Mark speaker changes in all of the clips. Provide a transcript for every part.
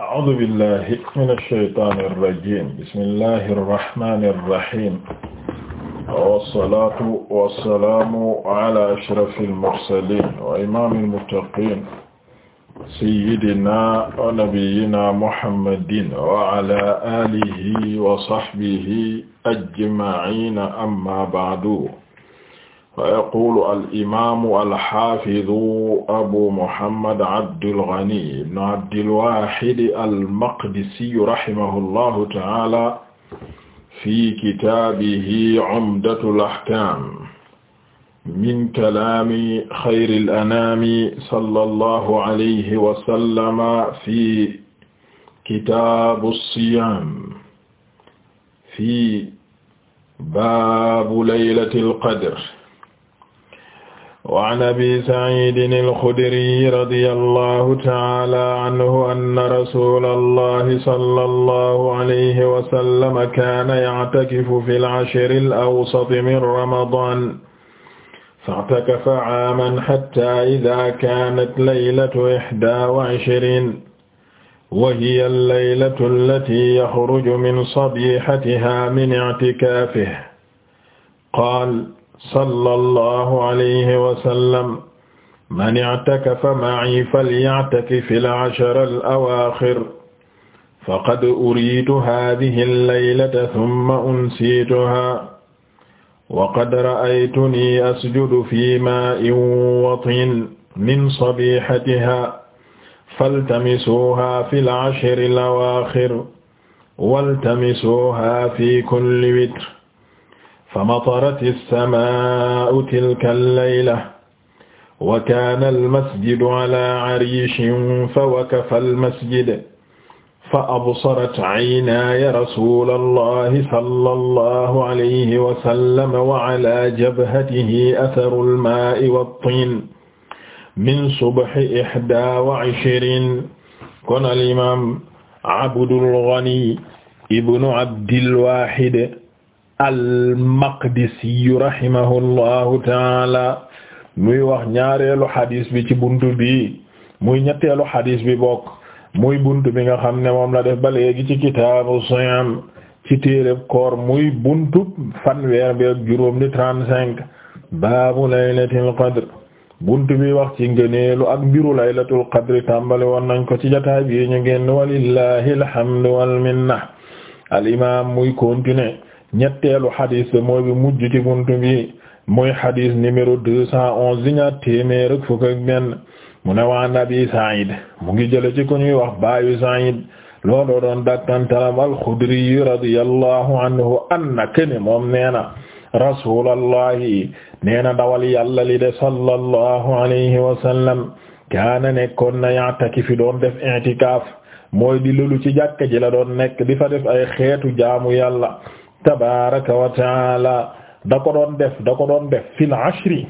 Speaker 1: a'uuzu billahi mina shaytaani rajiim bismillahi rahmaani rahiim wassalaatu wassalaamu alaa ashrafil mursaliin wa imaamil muttaqiin sayyidinaa wa nabiyyinaa muhammadin wa alaa aalihi wa sahbihi ajma'iin ammaa ba'du fa yaqulu al'imamu alxafidu abu muhammad abdul ghani ibnu abdil waahid almaqdisiyu rahimahu llahu ta'ala fi kitaabihi cumdatul axkaam min kalaami xayril anaami sallallahu alayhi wa sallama fi kitaabu siyaam fi baabu laylatil qadr وعن أبي سعيد الخدري رضي الله تعالى عنه أن رسول الله صلى الله عليه وسلم كان يعتكف في العشر الأوسط من رمضان فاعتكف عاما حتى إذا كانت ليلة إحدى وعشرين وهي الليلة التي يخرج من صبيحتها من اعتكافه قال sallallahu alayhi wa sallam man i'takafa ma'i falya'takif fil ashara al-awaakhir faqad uriitu haadihi al-laylata thumma unsiituhaa wa qad ra'aytunii asjudu fii maa'in watiin min sabiihatihaa faltamisuuhaa fil ashri al-awaakhir waltamisuuhaa fii kulli witr فمطرت السماء تلك الليلة وكان المسجد على عريش فوكف المسجد فأبصرت عيناي رسول الله صلى الله عليه وسلم وعلى جبهته أثر الماء والطين من صبح إحدى وعشرين kon الإمام عبد الغني ابن عبد الواحد al-Maqdisiyu rahimahullahu taala muy wax ñaareelu xadis bi ci buntu bi muy ñetteelu xadis bi bokk muy buntu bi nga xam ne moom la def ba léegi ci kitaabu siyam ci téereb muy buntu fanweer bi ak juróom di cinq baabu laylatul qadr buntu bi wax ci ngëneelu ak mbiru laylatul qadr tàmbali woon nañ ko ci jotaay bi ñu génn walillahi alhamdu muy continuer ñetteelu xadis mooy bi mujj ci bi mooy xadis numéro deux cent onze di ñaar téeméer ak mu ne waa Nabi Saïd mu ngi jële ci ku ñuy wax baayu Saïd looloo doon dakkantalam al-Xudri radiyallahu anhu anna kene moom nee na rasulallahi nee na dawal yàlla li de sallallahu alayhi wa sallam kaana nekkoon na yaataki fi doon def i'tikaaf mooy di lolu ci jàkka ji la doon nekk di def ay xeetu jaamu yàlla tabaraka wa taala da ko doon def da ko doon def fil ashri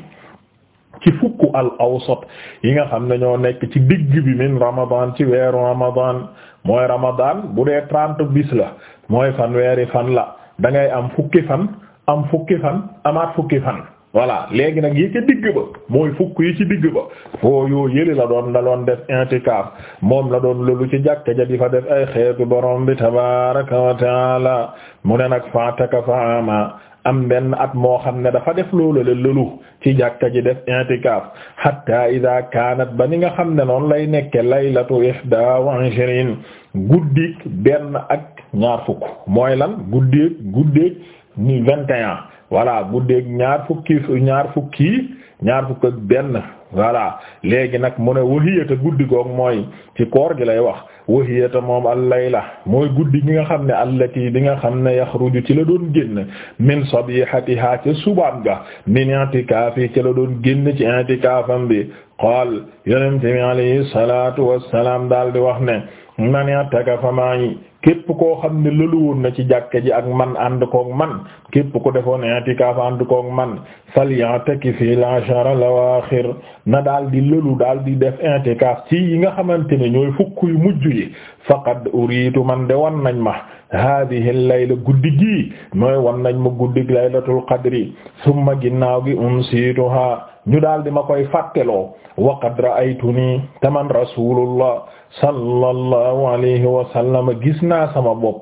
Speaker 1: ci fukk al sot yi nga xam ne ñoo nekk ci digg bi min ramadan ci weeru ramadan mooy ramadan bu dee trente bis la mooy fan weeri fan la dangay am fukki fan am fukki fan amaat fukki fan voilà léegi nag yi ca digg ba mooy fukk yi ci digg ba foo yoo yëli la doon la doon def intikaaf moom la doon lolu ci jàkka ja di fa def ay xeet borom bi tabaraka wa taala mu ne nag faataka faama am benn at moo xam ne dafa def loolu la lëlu ci jàkka ji def intikaaf hatta ida kaanat ba ni nga xam ne noonu lay nekke laylatu ihda wa ishrin guddik benn ak ñaar fukk mooy lan guddeeg guddeeg vingt et voilà guddeeg ñaar fukki ñaar fukki ñaar fukk ak benn voilà léegi nag mu ne wahiyata guddi goog mooy ci koor gi lay wax wahiyata moom al la mooy guddi gi nga xam ne allati bi nga xam ne yaxruju ci la doon génn min sabihatiha ca subaam ga min yi ci la doon génn ci i'tikaafam bi qaal yonente bi alayhi salatu wassalam daal di wax ne man i'takafa ma'i képp koo xam ne lëluwoon na ci jàkke ji ak man ànd koog man képp ku defoon i'tikaaf ànd koog man falyantakif fil ashara lawaaxir na daal di lëlu dal di def i'tikaaf ci yi nga xamante ne ñooy fukk yu mujj yi faqad uriitu man de wan nañ ma haadihi layla guddi gii mooy wan nañ ma guddig laylatul qadri summa ginnaaw gi unsituha ñu daal di ma koy fàtteloo wa qad ra'aytuni taman rasulullah sallallahu alayhi wa sallam gis naa sama bopp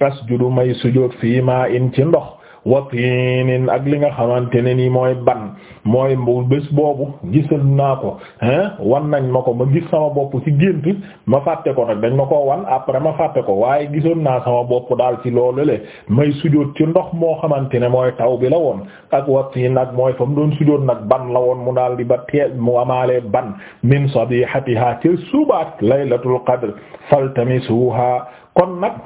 Speaker 1: asjudu may sujood fii maa in ci ndox wa tiinin ak li nga xamante ne nii mooy ban mooy bés boobu gisal naa ko hein wan nañ ma ko ma gis sama bopp ci gént ma fàtte ko nag dañ ma ko wan après ma fàtte ko waaye gisoon naa sama bopp daal ci loolu le may sujóot ci ndox moo xamante ne mooy taw bi la woon ak wa tiin nag mooy fa mu doon sujóot nag ban la woon mu daal di ba teel mu amaalee ban min sabihatiha ci subaak laylatul qadr faltamisuha kon nag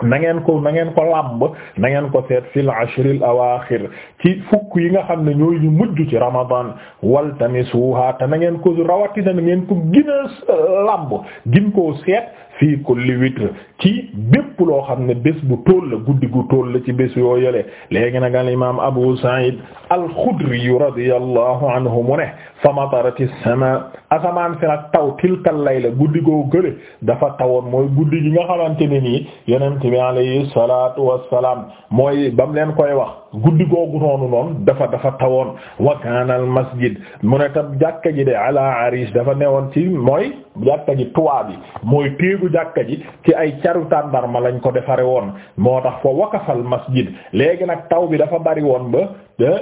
Speaker 1: na ngeen ko na ngeen ko làmb na ngeen ko seet fil ashril awaaxir ci fukk yi nga xam ne ñooy ñu mujj ci ramadan wal tamisuha te na ngeen ko rawatina na ngeen ko gën a làmb gin koo seet fii kulli witr ci bépp loo xam ne bés bu tool guddi gu tool la ci bés yoo yële léegi nag al imaam Abu Sa'id al-Khudri radiyallahu anhu mu ne fa matarati sama asamaan taw tilkal layla guddi goo gële dafa tawoon mooy guddi gi nga xamante ne nii yonent bi alayhi salaatu wassalaam mooy bam leen koy wax guddi googu noonu noonu dafa dafa tawoon wa kaana al masjid mu ne tam jàkka ji de ala arish dafa newoon ci mooy jàkka ji tuwaa bi mooy téegu jàkka ji ci ay caru tàndarma lañ ko defaree woon moo tax fa wakafal masjid léegi nag taw bi dafa bari woon ba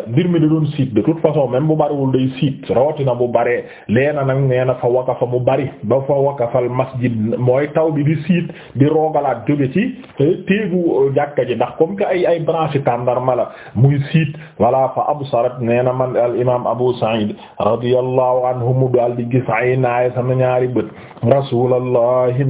Speaker 1: mbir mi doon siit de toute façon même bu bariwul day siit rawatina bu baree leena nag nee na fa wakafa mu bari ba fa wakafal masjid mooy taw bi di siit di roogalaat jóge ci téegu euh, jàkka ji ndax comme que ay ay branche tàndarma la muy siit wala fa absarat nee na man al imam Abu Sa'id radiyallahu anhu mu daal di gis ay naay sama ñaari bët rasulallahi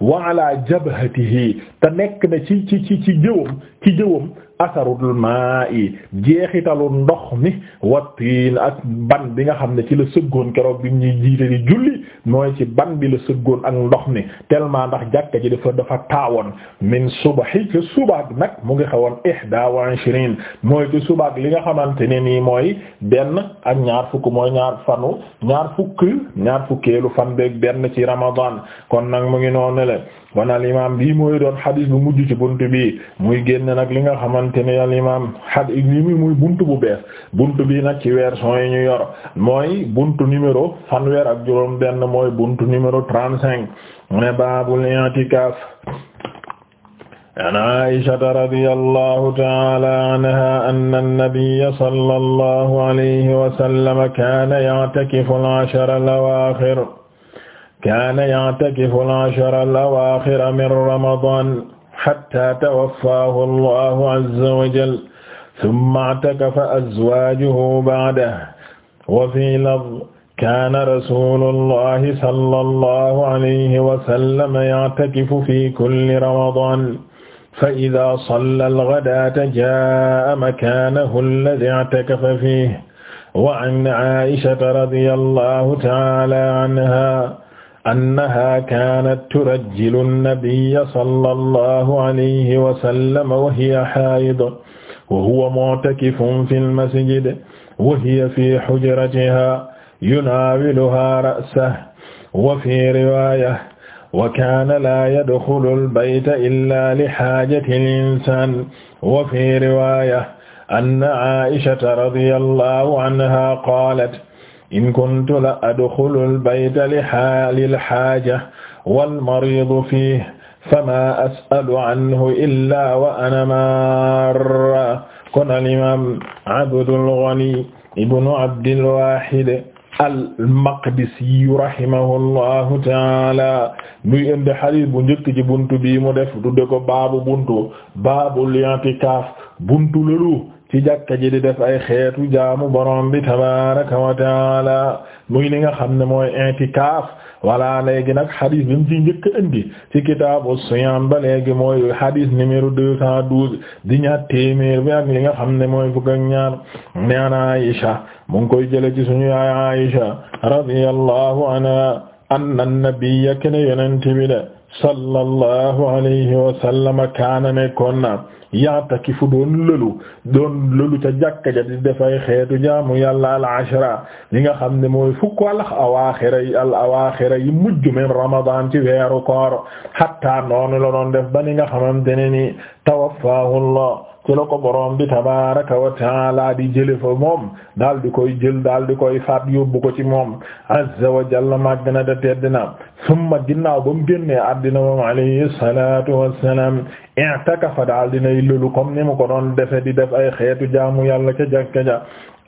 Speaker 1: wa ala jabhatihi te nekk na ci ci ci ci jëwam ci jëwam asarul maa'i jeexitalu ndox mi wattiin ak ban bi nga xam ne ci la sëggoon keroog bi ñuy jiite di julli mooy ci ban bi la sëggoon ak ndox mi tellement ndax jàkka ji dafa dafa taawoon min subahi ci subaak nag mu ngi xawoon ihda wa ishrin mooy ci subaak li nga xamante ne nii mooy benn ak ñaar fukk mooy ñaar fanu ñaar fukk ñaar fukkeelu fan beeg benn ci ramadan kon nag mu ngi noonu leen kon al imam bii mooy doon xadis bu mujj ci bunt bi muy génn nag li nga xamante ne al imam xadis li mu muy bunt bu bees bunt bi nag ci version yi ñu yor mooy bunt numéro weer ak juróom benn mooy bunt numéro trente-cinq mu ne baabul i'tikaaf an aishata radiyallahu ta'ala anha anna an-nabiyya sallallahu alayhi wa sallam kaana ya'takifu al-ashara al-awaakhir kaana ya'takifu al-ashara al-awaakhira min ramadaan hattaa tawaffaahu Allahu azza wa jalla thumma i'takafa azwaajuhu ba'dahu wa fii lafdhin kaana rasuulullahi sallallahu alayhi wa sallam ya'takifu fii kulli ramadaan fa-idhaa sallaa al-ghadaata jaa'a makaanahu alladhii i'takafa fiihi wa 'an 'Aa'ishata radiyallahu ta'aalaa 'anhaa annaha kaanat turajjilu nabiyya sallallahu alayhi wa sallam wa hiya haa'id wa huwa mu'takifun fil masjid wa hiya fi hujratiha yunaawiluhaa ra'sahu wa fi riwaaya wa kaana laa yadxulul bayta illaa li haajatil insaan wa fi riwaaya anna Aa'ishata radiyallahu anhaa qaalat in kuntu la adxulu albayta li xaalil xaaja wal mariidu fiihi fama as'alu anhu illaa wa ana maarra kon al-imaam Abdul Ghani ibnu Abdil Waahid al-Maqdisi rahimahullahu taala muy indi xadiis bu njëkk ci buntu bii mu def tudde ko baabu buntu baabul i'tikaaf buntu lolu ci jàkka ji di def ay xeetu jaamu borom bi tabaraka wa taala muy li nga xam ne mooy intikaaf wala léegi nag xadis bi mu ci njëkk indi ci kitaabu siyam ba léegi mooy xadis numéro deux cent douze di ñaar téeméer bi ak li nga xam ne mooy fukk ak ñaar neen Aisha mu ngi koy jële ci suñu yaay Aisha radiyallahu anha anna nabiyya kene yonente bi de sallallahu alayhi wa sallam kaana nekkoon na ya'takifu doon lëlu doon lëlu ca jàkka ja di dafay xeetu jaamu yàlla al ashra li nga xam ne mooy fukk al awaaxira yi al awaaxira yi mujj min ramadan ci weeru koor hatta noonu la doon def ba ni nga xamante ne ni tawaffaahu Allah ci la ko boroom bi tabaraka wa taala di jële fa moom daal di koy jël daal di koy faat yóbbu ko ci moom azza wa jalla màgg na da tedd na summa ginnaaw ba mu génnee addina moom alayhi salatu wassalam i'takafa comme ni mu ko doon defe di def ay xeetu jaamu yàlla ca jàkka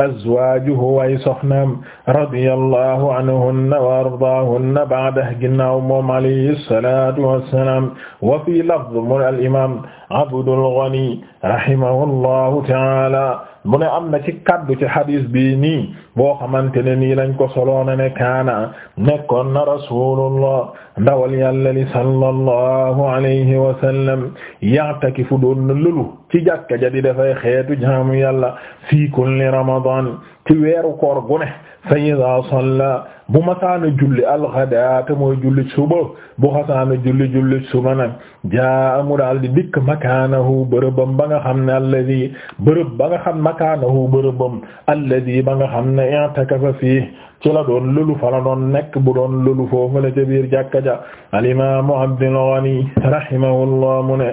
Speaker 1: azwaajuhu way soxnaam radiyallahu anhunna wa ardaahunna ba'da ginnaaw moom alayhi salaatu wassalaam wa fii lafz mu al imaam Abdul Ghani rahimahullahu ta'aala mu ne am na ci kaddu ci hadis bii nii boo xamante ne nii lañ ko soloona ne kaana nekkoon na rasulullah ndawal yàlla li sallallahu alayhi wa sallam ya'takifu doon na lulu ci jàkka ja di dafay xeetu jaamu yàlla fii kulli ramadan ci weeru koor gu ne fa bu masaana julli alxadaata mooy julli suba bu xasaana julli julli suba nag jaa mu daal di dikk makaanahu bërëbam ba nga xam ne alladi bërëb ba nga xam makaanahu bërëbam alladi fii ci la doon lëlu fa la doon nekk bu doon lëlu foofu la ca biir ja al imaamu Abdul Ghani rahimahullah mu ne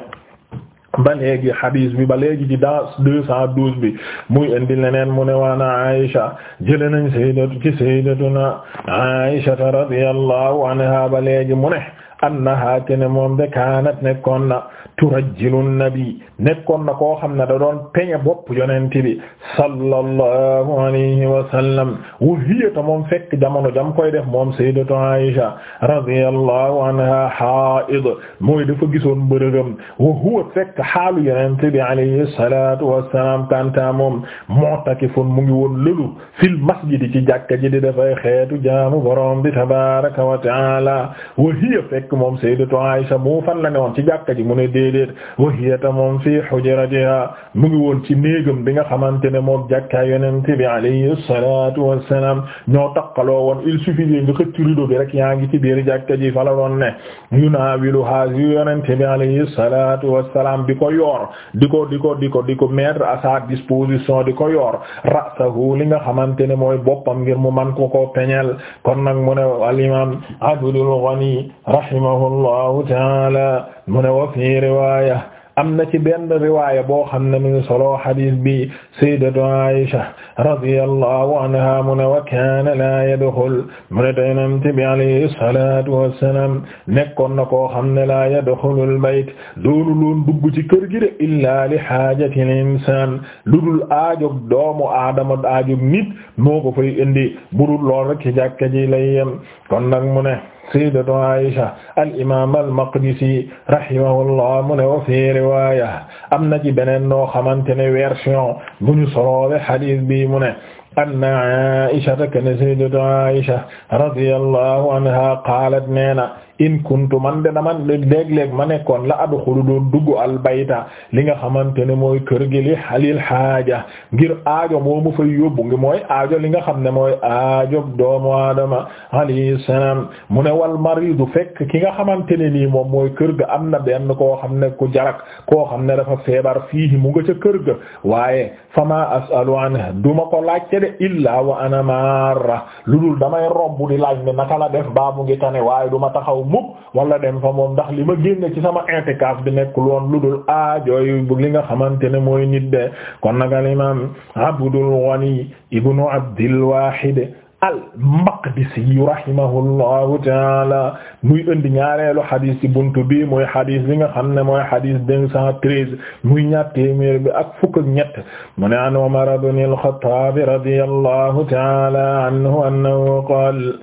Speaker 1: ba léegi hadis bi ba léegi ci dans deux cent bi muy indi leneen mu ne waana Aisha jële nañ sayyidatu ci sayyidatuna Aisha radiyallahu anha ba léegi mu ne annaha kene moom nekkoon na turajjilu nabi nekkoon na koo xam ne da doon peñe bopp yonent bi sallallahu alayhi wa sallam wa hiya ta moom fekk jamono jam koy def moom sayyidatu Aisha radiyallahu anha haid mooy dafa gisoon mbërëgam wa huwa fekk xaalu yonent bi alayhi salatu wassalam kanta moom mu'takifun mu ngi woon lëlu fil masjid ci jàkka ji di dafay xeetu jaamu borom bi tabaraka wa taala wa hiya fekk moom sayyidatu Aisha mu fan la ne woon ci jàkka ji mu ne déedéet wa hiya moom fii hujratiha mu ngi woon ci néegam bi nga xamante ne moom jàkkaa yonente bi alayhi salatu wassalam ñoo taqaloo woon il suffisait nga xëcc rideau bi rek yaa ngi ci biir jàkka ji fala doon ne yunawiluha yu yonente bi alayhi salatu wassalam di ko yor di ko di ko di ko di ko mettre à sa disposition di ko yor rasahu li nga xamante ne mooy boppam ngir mu man ko ko peñel kon nag mu ne al imam Abdul Ghani rahimahullahu ta'ala mu ne wa fi riwaaya am na ci benn riwaaya boo xam ne mi ngi solo xadis bi sayyidatu Aisha radiyallahu anha mu ne wa kaana laa yadxul mu ne Yonent bi alayhi salaatu wassalaam nekkoon na koo xam ne laa yadxulul bayt doonu loon dugg ci kër gi de illaa li xaajatil insaan lu dul aajog doomu aadama aajog nit moo ko fay indi budul lool rek ci jàkka ji lay yem kon nag mu ne sayyidatu Aisha al-imam al-Maqdisi rahimahullah mu ne wa fi riwaya am na ci beneen noo xamante ne version bu ñu soloowe hadith bi mu ne anna Aysata kana sayyidatu Aysa radiyallahu anha qaalat neena in kuntu man de man léeg-léeg ma nekkoon la adxulu doon dugg al bayta li nga xamante ne mooy kër gi li xalil xaaja ngir aajo moomu fay yóbbu ngi mooy aajo li nga xam ne mooy ajo doomu aadama alayhi salaam mu ne wal maridu fekk ki nga xamante ne nii moom mooy kër ga am na benn koo xam ne ku jarak koo xam ne dafa feebar fii mu nga kër ga waaye fama as'alu an duma ko laajte de illaa wa ana marra lu dul damay romb di laaj ne naka la def baa mu ngi ne waaye du ma taxaw mukk wala dem fa moom ndax li ma génne ci sama intikaaf bi nekkul woon lu dul aajo aajooy bu li nga xamante ne mooy nit de kon nag al imam Abdul Ghani ibnu Abdil Wahid al-Maqdisi rahimahullahu taala muy indi ñaareelu xadis ci buntu bi mooy xadis bi nga xam ne mooy xadis deux cent treize muy ñaar téeméer bi ak fukk ak ñett mu ne an Umar ibn al-Khattab radiyallahu taala anhu annahu qaala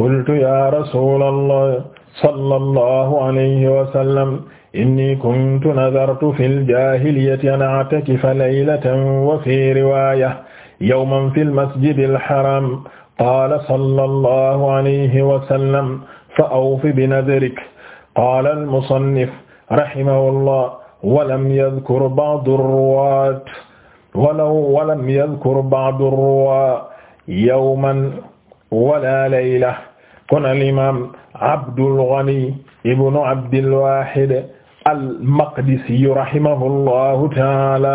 Speaker 1: qultu ya rasulallah sallallahu alayhi wa sallam inni kuntu nadartu fil jaahiliyyati an a'takifa laylatan wa fi riwaaya yawman fil masjidil haram qaala sallallahu alayhi wa sallam fa awfi binadrik qaala al-musannif rahimahullah wa lam yadhkur ba'd ar-ruwaat walaw wa lam yadhkur ba'd ar-ruwaat yawman wala layla kon al-imaam Abdul Ghani ibnu Abdil Waahid al-Maqdisiyu rahimahullahu taala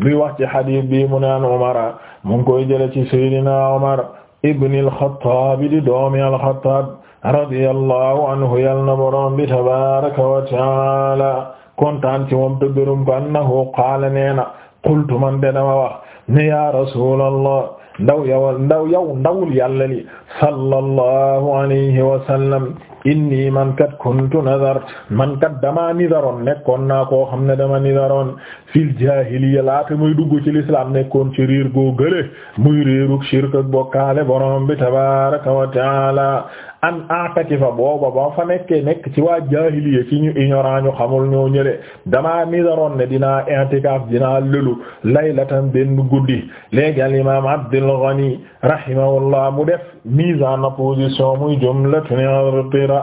Speaker 1: luy wax ci xadiis bi mu naan Umar mu ngi koy jële ci Seydina Umar ibn al-Xattaab di doomi al-Xattaab radiyallahu anhu yal na boroom bi tabaaraka wa taala kontaan ci moom te gërëm ko annahu qaala neena qultu man de dama wax ne ya rasuulallah ndaw yow ndaw yow ndawul yàlla li sallallahu alayhi wa sallam inni man kat kuntu nadar man kat damaa nidaroon nekkoon naa koo xam ne dama nidaroon fil jaahiliya laata muy dugg ci lislaam nekkoon ci réer goo gële muy réeruk shirk ak bokkaale borom tabaaraka wa taala an atakifa booba ba fa nekkee nekk ci waa jaahiliya ci ñu ignorant ñu xamul ñoo ñële ne dinaa intikaaf dinaa lëlu laylatan benn guddi léegi al imaam Abdul Ghani rahimahullah mu def mise en opposition muy jumlatun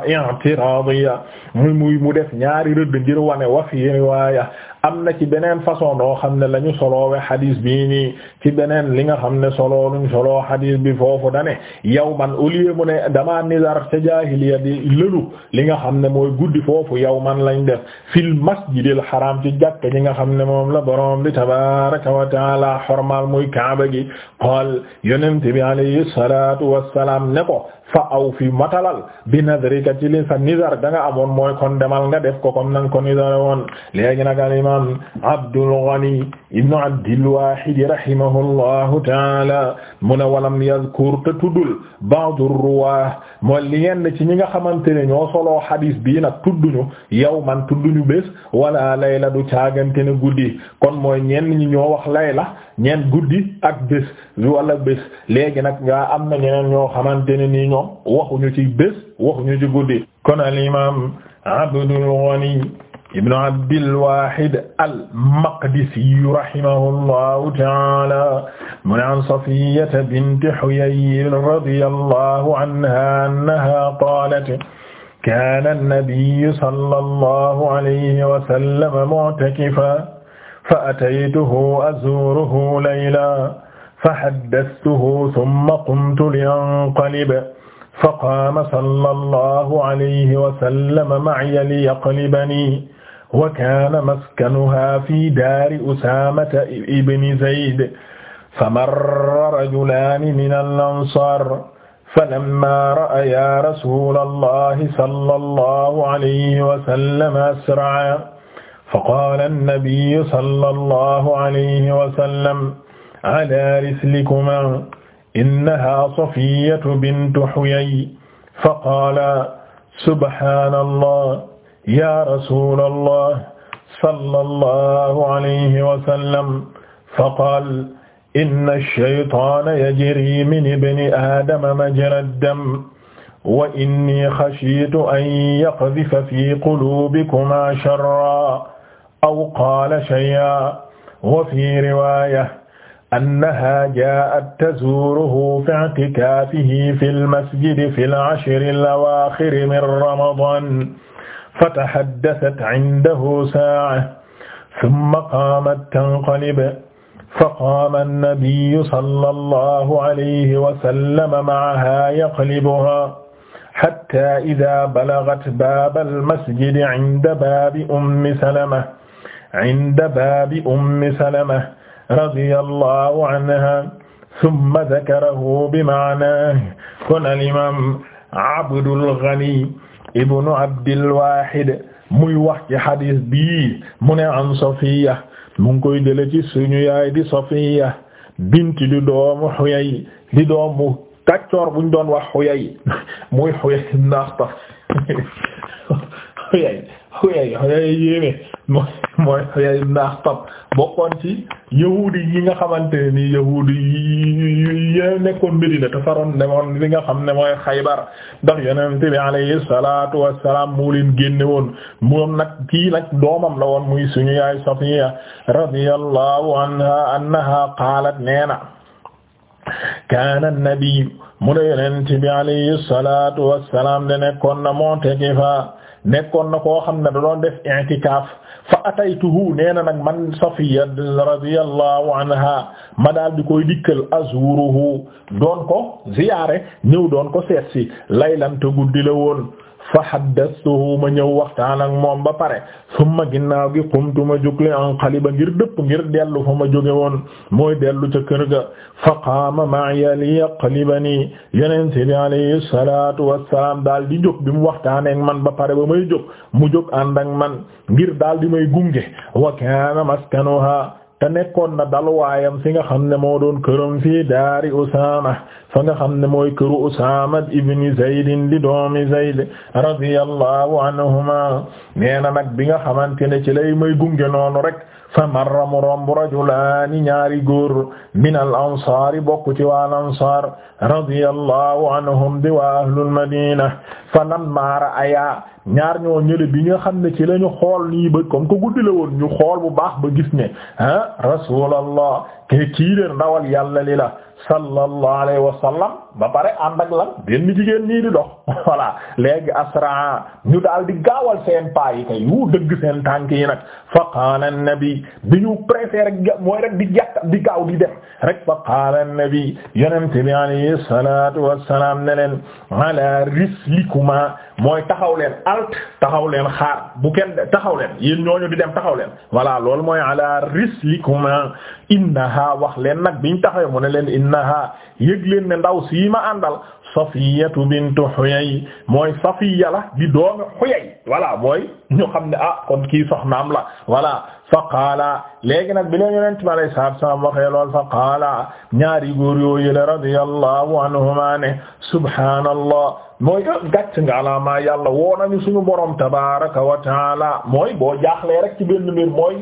Speaker 1: i'tiradiya muy muy mu def ñaari rëdd ngir wane wa riwaaya am na ci beneen façon oo xam ne lañu ñu soloowe xadis bii nii ci beneen li nga xam ne soloo luñ soloo xadis bi foofu dane yow man au lieu mu ne damaa nizar ca jaahiliya di lëlu li nga xam ne mooy guddi foofu yow man lañ def fil masjidil xaram ci jàkk li nga xam ne moom la borom bi tabaraka wa taala xormal muy kaaba gi xool yonent bi alayhi salatu wasalaam ne ko fa aw bi nazrika ci sa nizar da nga amoon mooy kon demal nga def ko comme nanga ko nizar woon léegi nag imaam Abdul Ghani ibn Abdil Wahid rahimahullahu taala mu ne walam yazkur te tuddul ba'du ruwaah mooy li yenn ci ñi nga xamante ne ñoo soloo hadis bii nag tudduñu yow man tudduñu bés wala layla du caagante ne guddi kon mooy ñenn ñi ñoo wax layla ñeen guddi ak bés wala bés léegi nag nga am na ñeneen ñoo xamante ne nii ñoom waxuñu ci bés waxuñu ci guddi kon al Abdul Ghani ibnu abdilwahid almaqdisi rahimahullahu taala mu ne an safiyata binti huyayyin radiyallahu anha annaha qaalat kaana annabiyu sallallahu alayhi wa sallam mu'takifan fa ataytuhu azuuruhu laylan fa haddathtuhu thumma qumtu li-anqalib fa qaama sallallahu alayhi wa sallam ma'iya liyaqlibani wa kaana maskanuhaa fii daari usaamata ibni zayd famarra rajulaani minal ansaar falammaa ra'ayaa rasuulallaahi sallallahu alayhi wa sallam asra'a faqaala nabiyyu sallallahu alayhi wa sallam alaa rislikum innahaa safiyyatu bintu huyay faqaala subhaanallah ya rasulallah sallallahu alayhi wa sallam faqaal inna ash-shaytaana yajrii min ibni aadama majra ad-dam wa inni xashiitu an yaqdhifa fi quluubikumaa sharran aw qaala shay'an wa fi riwaaya annahaa jaa'at tazuuruhu fi i'tikaafihi fi al-masjidi fi al-ashri al-awaakhiri min ramadaan fatahaddathat indahu saa'a summa qaamat tanqalib faqaama annabiyyu sallallahu alayhi wa sallam ma'ahaa yaqlibuhaa hattaa izaa balagat baabal masjidi inda baabi ummi salama inda baabi ummi salama radiyallahu anhaa summa dakarahu bima'naahu kon al-imaam Abdul Ghani ibnu abdilwahid muy wax ci xadis bii mu ne an safiya mu ngi koy jële ci suñu yaay di safiya bint di doomu xuyay di doomu kaccoor buñ doon wax xuyay muy xuyay naaxta xuyay xuyay xuyay yéeme mooy Huyay ibn Akhtab bokkoon ci yi nga xamante ne yi nekkoon Medina te faroon demoon li nga xam ne mooy Xaybar ndax Yonent bi alayhi salaatu wassalaam moo leen génne woon moom nag kii nag doomam la woon muy suñu yaay Safiya radiyallahu anha annaha qaalat neena kaana nabi mu ne Yonent bi alayhi salaatu wassalaam de nekkoon na monte fa nekkoon na koo xam ne da doon def i'tikaaf fa ataytuhu nee na nag man Safiya radiyallahu anha ma daal di koy dikkal azuruhu doon ko ziyaare ñëw doon ko seet si laylan te guddi la woon fa haddastuhu ma ñëw waxtaan ak moom ba pare summa ginnaaw gi qumtu ma jóg li anqaliba ngir dëpp ngir dellu fa ma jóge woon mooy dellu ca kër ga fa qaama ma'iya li yaqlibani yonent bi alayhi salaatu wassalaam daal di jóg bi mu waxtaanee ak man ba pare ba may jóg mu jóg ànd ak man ngir daal di may gunge wa kaana maskanuha te nekkoon na dalwaayam fi nga xam ne moo doon këram fii daari Usaama fa nga xam ne mooy këru Usaama ibn Zayd di doomi Zayd radiyallahu anhuma nee na nag bi nga xamante ne ci lay may gunge noonu rek fa marra mu romb rajulaani ñaari góor min al ansaar bokk ci waa al ansaar radiyallahu anhum di waa ahlul madina fa lammaa ra'ayaa ñaar ñoo ñële bi nga xam ne ci lañu xool nii ba comme ko guddi la woon ñu xool bu baax ba gis ne ah rasulallah ke kii de ndawal yàlla li la sallallahu alayhi wa sallam ba pare ànd ak lan benn jigéen ñii di dox voilà léegi asra ñu daal di gaawal seen paa yi kay yu dëgg seen tànk yi nag fa qaala an-nabi bi ñu préféré mooy rek di jàkk di gaaw di dem rek fa qaala an-nabi yonent bi alayhi salatu wassalam ne leen ala rislikuma mooy taxaw leen alt taxaw leen xaar bu kenn taxaw leen yéen ñooñu di dem taxaw leen voilà mooy ala rislikuma innaha wax leen nag biñ taxawee mu ne leen innaha yëg leen ne ndaw sii ma àndal safiyatu bintu xuyay mooy safiya la di doomi xuyay voilà mooy ñu xam ne ah kon kii soxnaam la voilà faqaala léegi nag bi leen yonent bi alayhi salaatu wa salaam waxee lool faqaala ñaari góor yoo yële radiyallahu anhuma ne subhaanallah mooy gàcc nga alaamaa yàlla woonañu suñu borom tabaaraka wa taala mooy boo jaaxlee rek ci benn mbir mooy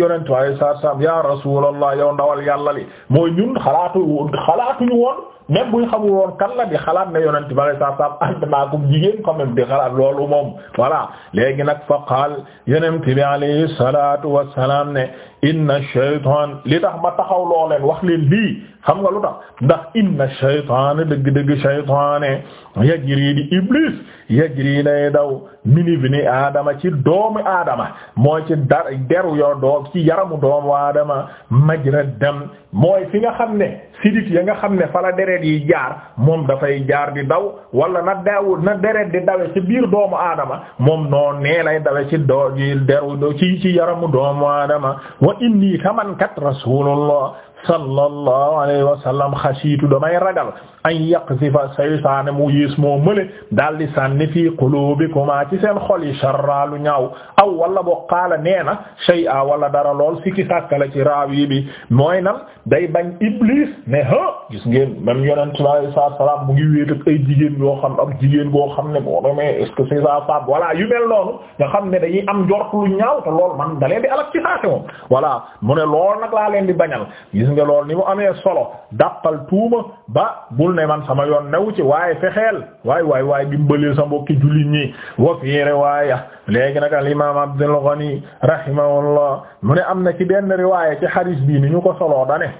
Speaker 1: yonent bi alayhi salaatu wa salaam yaa rasuulallah yow ndawal yàlla li mooy ñun xalaatu xalaatuñu woon même buñ xamul woon kan la di xalaat ne yonent bi alayhi salaatu wa salaam ànd naa ko jigéen quand même di xalaat loolu moom voilà léegi nag faqaal yonent bi alayhi salaatu wa salaam ne inna shaytaan li tax ma taxaw loo leen wax leen lii xam nga lu tax ndax inna shaytaana dëgg-dëgg shaytaane yajri di iblis yajri nay daw min ibni aadama ci doomu aadama mooy ci dar deru yoo doom ci yaramu doomu aadama majra dam mooy fi nga xam ne sidit ya nga xam ne fala deret yi jaar moom dafay jaar di daw wala na daw na deret di dawe ci biir doomu aadama moom noo nee lay dawe ci doo deru doomu aadama wa inni tamankat rasulullah sallallahu alayhi wa sallam xasiitu damay ragal an yaqzifa saytaane mu yées moo mële daal di sànni fii quluubikumaa ci seen xol yi sharra lu ñaaw aw wala boo qaala nee na a wala dara lool sikki sàkkala ci raawi bi mooy nan day bañ iblis mais ha gis ngeen même yonent bi alayhi salaam mu ngi wéet ay jigéen yoo xam ak jigéen boo xam ne boo demee est-ce que c'est ça femme yu mel xam ne dañuy am njort lu ñaaw lool man da di alak mu ne lool nag laa nga lool ni mu amee solo dàqal tuuma ba bul ne man sama yoon new ci waaye fexeel waay waay waay dimbalil sa mbokki jullit ni wa fii riwaaya léegi nag al imaam Abdul Ghani rahimahullah mu ne am na ci benn riwaaya ci xadiis bii ni ñu ko soloo dane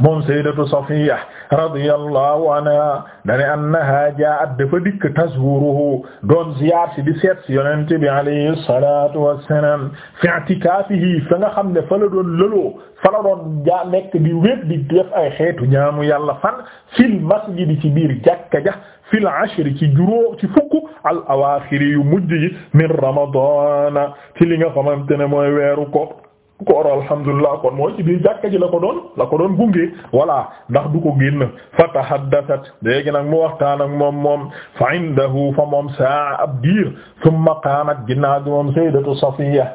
Speaker 1: moom sayyidatu Safiya radiyallahu anha dane annaha jaat dafa dikk tazwuruhu doon ziyaar si di seet si yonent bi alayhi salatu wassalam fi i'tikafihi fa nga xam ne fa la doon lëloo fa la nekk di wéet di def ay xeetu ñaamu yàlla fan fil masjid ci biir jàkka ja fil ashri ci juróom ci fukk al awaaxiri yu mujj min ramadana ci li nga xamante ne mooy weeru ko koor alhamdulillah ko mooy ci biir jàkka ji la ko doon la ko doon gunge voilà ndax du ko génn fa tahaddathat léegi nag mu waxtaan ak moom moom fa indahu fa moom saa ab diir thumma qaamat ginnaaw gi moom sayyidatu Safiya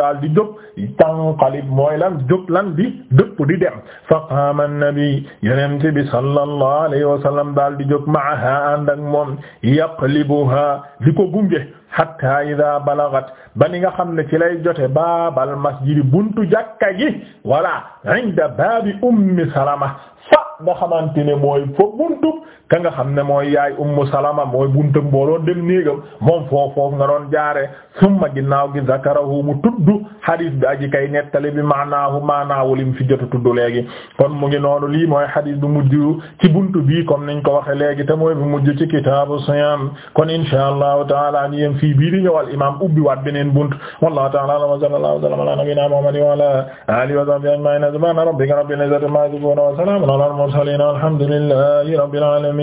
Speaker 1: daal di jóg tanqalib mooy lan jóg lan di dëpp di dem fa qaama an-nabi yonent bi sallallahu alayhi wa sallam daal di jóg ma'aha ànd ak moom yaqlibuha di ko gunge hatta ida balagat ba ni nga xam ne ci lay jote baabal masjidi buntu jàkka ji wala inda baabi ummi salama fa nga xamante ne mooy fa buntub ka nga xam ne mooy yaay ummu salama mooy buntu boo doon dem néegam moom foofu foofu nga doon jaare summa ginnaaw gi zakarahu mu tudd hadith bi aji kay nettali bi maanaahu maanaahu lim fi jot a tudd léegi kon mu ngi noonu lii mooy hadith bu mujj ci bu mujj kitaabu siyam kon insha allahu taala ñu yem fii bii di ñëwal imaam ubbi waat beneen bunt wallahu taala wa sallallahu wa sallam ala nabina muhammadin wa ala alihi wa sahbihi ajma'in subhana rabbika rabbil wa mursaliin walhamdulillaahi rabbil aalamiin